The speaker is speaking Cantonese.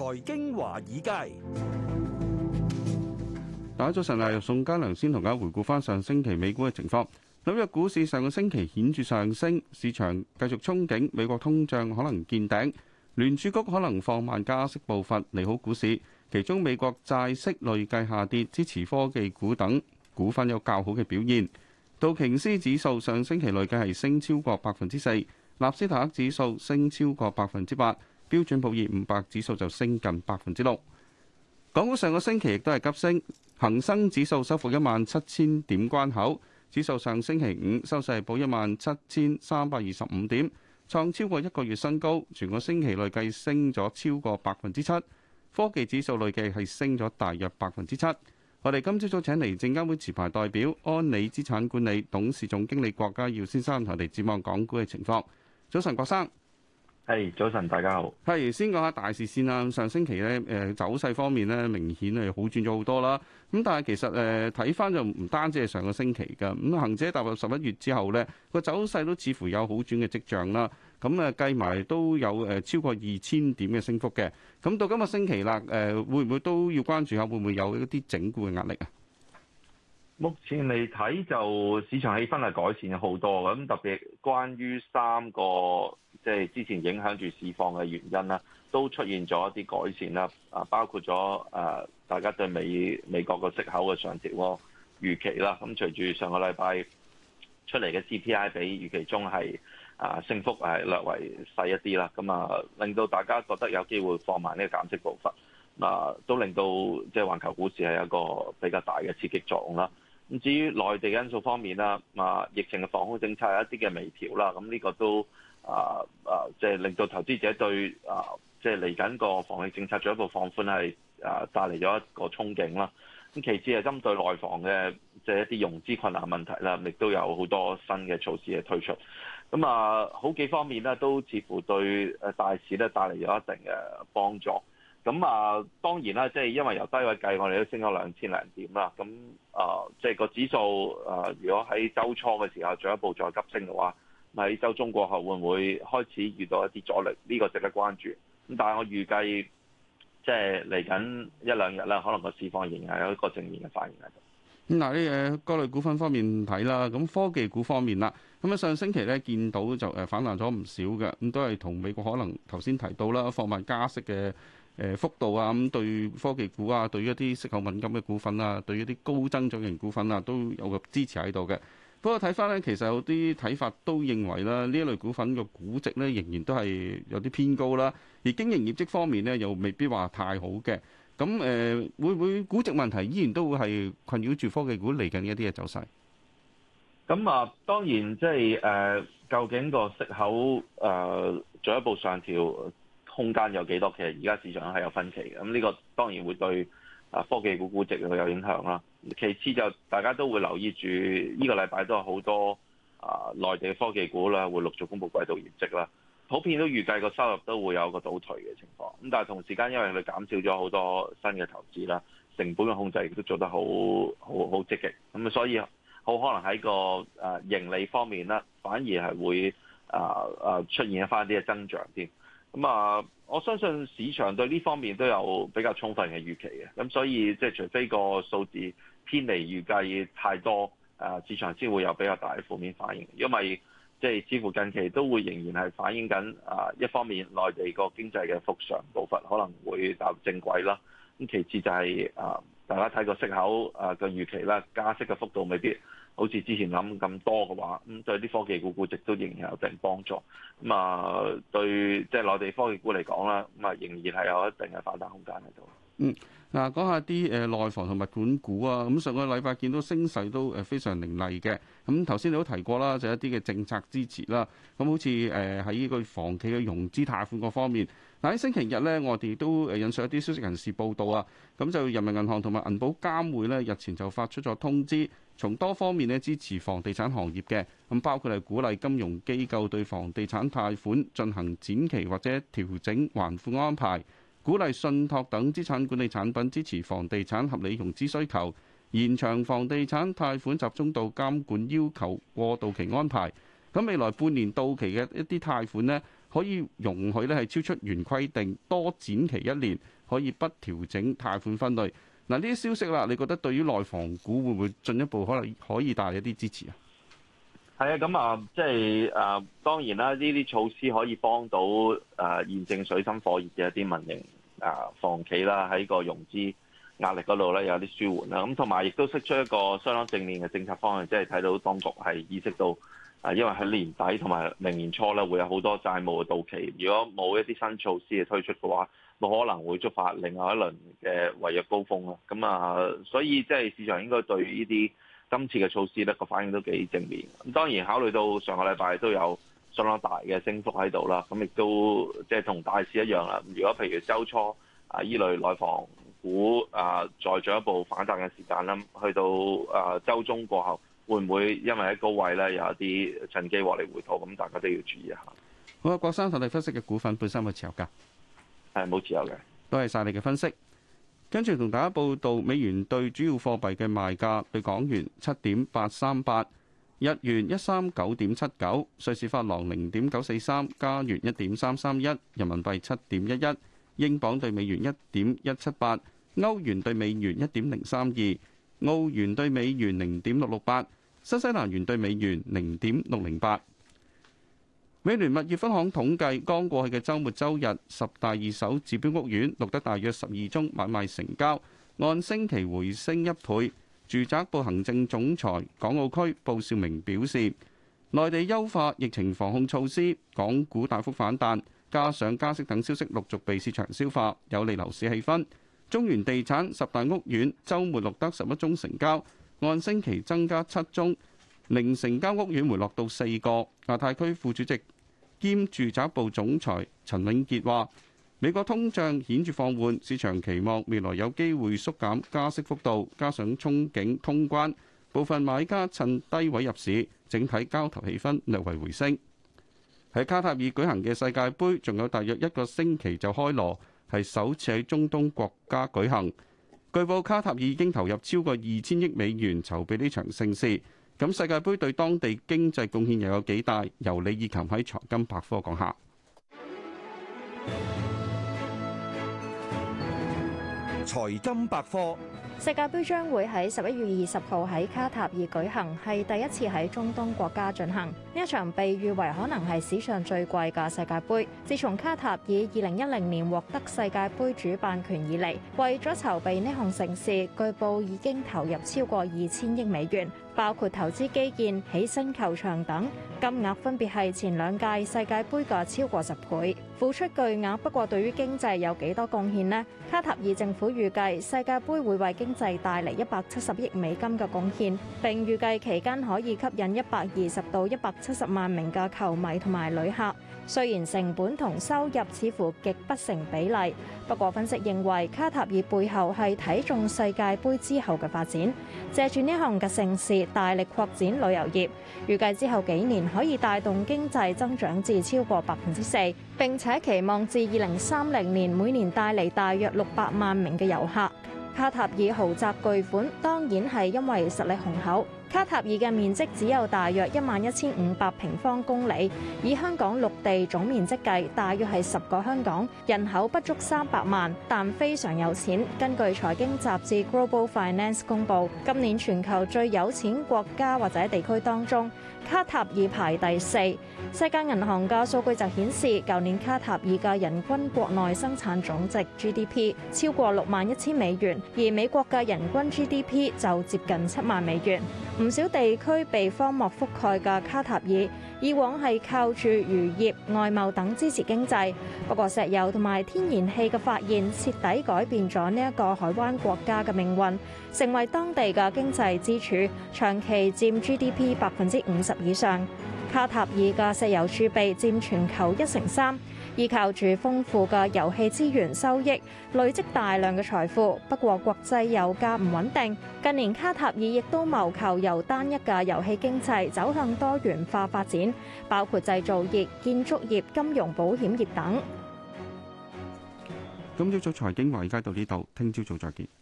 財經華爾街，大家早晨啊！又宋家良先同大家回顧翻上星期美股嘅情況。紐約股市上個星期顯著上升，市場繼續憧憬美國通脹可能見頂，聯儲局可能放慢加息步伐，利好股市。其中美國債息累計下跌，支持科技股等股份有較好嘅表現。道瓊斯指數上星期累計係升超過百分之四，納斯達克指數升超過百分之八。標準普爾五百指數就升近百分之六，港股上個星期亦都係急升，恆生指數收復一萬七千點關口，指數上星期五收市係報一萬七千三百二十五點，創超過一個月新高。全個星期累計升咗超過百分之七，科技指數累計係升咗大約百分之七。我哋今朝早請嚟證監會持牌代表安理資產管理董事總經理郭家耀先生同我哋展望港股嘅情況。早晨，郭生。係、hey，早晨，大家好。係先講下大市先啦。上星期咧，誒走勢方面咧，明顯係好轉咗好多啦。咁但係其實誒睇翻就唔單止係上個星期噶。咁恒指踏入十一月之後咧，個走勢都似乎有好轉嘅跡象啦。咁啊計埋都有誒超過二千點嘅升幅嘅。咁到今個星期啦，誒會唔會都要關注下會唔會有一啲整固嘅壓力啊？目前嚟睇就市場氣氛係改善好多。咁特別關於三個。即係之前影響住市況嘅原因啦，都出現咗一啲改善啦。啊，包括咗誒，大家對美美國個息口嘅上調嘅預期啦。咁隨住上個禮拜出嚟嘅 CPI 比預期中係啊，升幅係略為細一啲啦。咁啊，令到大家覺得有機會放慢呢個減息步伐，嗱都令到即係環球股市係一個比較大嘅刺激作用啦。咁至於內地因素方面啦，啊疫情嘅防控政策有一啲嘅微調啦，咁、這、呢個都。啊啊！即係令到投資者對啊，即係嚟緊個防疫政策進一步放寬係啊，帶嚟咗一個憧憬啦。咁其次係針對內房嘅即係一啲融資困難問題啦，亦都有好多新嘅措施嘅推出。咁啊，好幾方面咧都似乎對大市咧帶嚟咗一定嘅幫助。咁啊，當然啦，即係因為由低位計，我哋都升咗兩千零點啦。咁啊，即係個指數啊，如果喺週初嘅時候進一步再急升嘅話，喺周中過後會唔會開始遇到一啲阻力？呢個值得關注。咁但係我預計即係嚟緊一兩日啦，可能個市況仍然係有一個正面嘅反應喺度。咁嗱，誒各類股份方面睇啦，咁科技股方面啦，咁喺上星期咧見到就誒反彈咗唔少嘅，咁都係同美國可能頭先提到啦，放慢加息嘅誒幅度啊，咁對科技股啊，對一啲息口敏感嘅股份啊，對一啲高增長型股份啊，都有個支持喺度嘅。不過睇翻咧，其實有啲睇法都認為咧，呢一類股份嘅估值咧，仍然都係有啲偏高啦。而經營業績方面咧，又未必話太好嘅。咁誒，會唔會估值問題依然都會係困擾住科技股嚟緊一啲嘅走勢？咁啊，當然即係誒，究竟個息口誒進一步上調空間有幾多？其實而家市場係有分歧嘅。咁呢個當然會對啊科技股估值會有影響啦。其次就大家都會留意住，呢個禮拜都有好多啊內地科技股啦，會陸續公布季度業績啦。普遍都預計個收入都會有個倒退嘅情況。咁但係同時間因為佢減少咗好多新嘅投資啦，成本嘅控制亦都做得好好好積極。咁所以好可能喺個誒盈利方面咧，反而係會啊啊出現一翻啲嘅增長添。咁啊，我相信市場對呢方面都有比較充分嘅預期嘅，咁所以即係除非個數字偏離預計太多，誒，市場先會有比較大嘅負面反應，因為即係似乎近期都會仍然係反映緊啊一方面內地個經濟嘅復常步伐可能會踏入正軌啦。咁其次就係誒，大家睇個息口誒嘅預期啦，加息嘅幅度未必。好似之前諗咁多嘅話，咁對啲科技股估值都仍然有一定幫助。咁啊，對即係內地科技股嚟講啦，咁啊仍然係有一定嘅反彈空間喺度。嗯，嗱，講下啲誒內房同物管股啊，咁上個禮拜見到升勢都誒非常凌厲嘅。咁頭先你都提過啦，就一啲嘅政策支持啦。咁好似誒喺呢個房企嘅融資貸款嗰方面。喺星期日呢，我哋都引述一啲消息人士報道啊，咁就人民銀行同埋銀保監會呢日前就發出咗通知，從多方面呢支持房地產行業嘅，咁包括係鼓勵金融機構對房地產貸款進行展期或者調整還款安排，鼓勵信託等資產管理產品支持房地產合理融資需求，延長房地產貸款集中度監管要求過渡期安排，咁未來半年到期嘅一啲貸款呢。可以容許咧係超出原規定多展期一年，可以不調整貸款分類。嗱，呢啲消息啦，你覺得對於內房股會唔會進一步可能可以帶嚟一啲支持啊？係啊，咁啊，即係誒，當然啦，呢啲措施可以幫到誒現正水深火熱嘅一啲民營啊房企啦，喺個融資壓力嗰度咧有啲舒緩啦。咁同埋亦都釋出一個相當正面嘅政策方向，即係睇到當局係意識到。啊，因為喺年底同埋明年初咧，會有好多債務嘅到期。如果冇一啲新措施嘅推出嘅話，冇可能會觸發另外一輪嘅違約高峰啦。咁啊，所以即係市場應該對呢啲今次嘅措施咧個反應都幾正面。咁當然考慮到上個禮拜都有相當大嘅升幅喺度啦。咁亦都即係同大市一樣啦。如果譬如週初啊依類內房股啊再進一步反彈嘅時間啦，去到啊週中過後。會唔會因為喺高位呢？有一啲趁機獲利回吐？咁大家都要注意一下。好啊，郭生同你分析嘅股份本身有冇持有噶？係冇持有嘅。多謝晒你嘅分析。跟住同大家報道美元對主要貨幣嘅賣價：對港元七點八三八，日元一三九點七九，瑞士法郎零點九四三，加元一點三三一，人民幣七點一一，英鎊對美元一點一七八，歐元對美元一點零三二，澳元對美元零點六六八。新西蘭元對美元零點六零八。美聯物業分行統計，剛過去嘅週末週日，十大二手指標屋苑錄得大約十二宗買賣成交，按星期回升一倍。住宅部行政總裁港澳區布少明表示，內地優化疫情防控措施，港股大幅反彈，加上加息等消息陸續被市場消化，有利樓市氣氛。中原地產十大屋苑週末錄得十一宗成交。按星期增加七宗，零成交屋苑回落到四個。亞太區副主席兼住宅部總裁陳永傑話：美國通脹顯著放緩，市場期望未來有機會縮減加息幅度，加上憧憬通關，部分買家趁低位入市，整體交投氣氛略為回升。喺卡塔爾舉行嘅世界盃仲有大約一個星期就開鑼，係首次喺中東國家舉行。據報卡塔爾已經投入超過二千億美元籌備呢場盛事，咁世界盃對當地經濟貢獻又有幾大？由李以琴喺財金百科講下，財金百科。世界盃將會喺十一月二十號喺卡塔爾舉行，係第一次喺中東國家進行。呢一場被譽為可能係史上最貴嘅世界盃，自從卡塔爾二零一零年獲得世界盃主辦權以嚟，為咗籌備呢項盛事，據報已經投入超過二千億美元。包括投資基建、起新球場等，金額分別係前兩屆世界盃嘅超過十倍，付出巨額。不過，對於經濟有幾多貢獻呢？卡塔爾政府預計世界盃會為經濟帶嚟一百七十億美金嘅貢獻，並預計期間可以吸引一百二十到一百七十萬名嘅球迷同埋旅客。雖然成本同收入似乎極不成比例，不過分析認為卡塔爾背後係睇中世界盃之後嘅發展，借住呢項嘅盛事。大力擴展旅遊業，預計之後幾年可以帶動經濟增長至超過百分之四，並且期望至二零三零年每年帶嚟大約六百萬名嘅遊客。卡塔爾豪擲巨款，當然係因為實力雄厚。卡塔爾嘅面積只有大約一萬一千五百平方公里，以香港陸地總面積計，大約係十個香港。人口不足三百萬，但非常有錢。根據財經雜誌 Global Finance 公佈，今年全球最有錢國家或者地區當中，卡塔爾排第四。世界銀行嘅數據就顯示，舊年卡塔爾嘅人均國內生產總值 GDP 超過六萬一千美元，而美國嘅人均 GDP 就接近七萬美元。唔少地區被荒漠覆蓋嘅卡塔爾，以往係靠住漁業、外貿等支持經濟。不過，石油同埋天然氣嘅發現，徹底改變咗呢一個海灣國家嘅命運，成為當地嘅經濟支柱，長期佔 GDP 百分之五十以上。卡塔爾嘅石油儲備佔全球一成三。依靠住豐富嘅油氣資源收益，累積大量嘅財富。不過，國際油價唔穩定，近年卡塔爾亦都謀求由單一嘅油氣經濟走向多元化發展，包括製造業、建築業、金融保險業等。今朝早財經華爾街到呢度，聽朝早再見。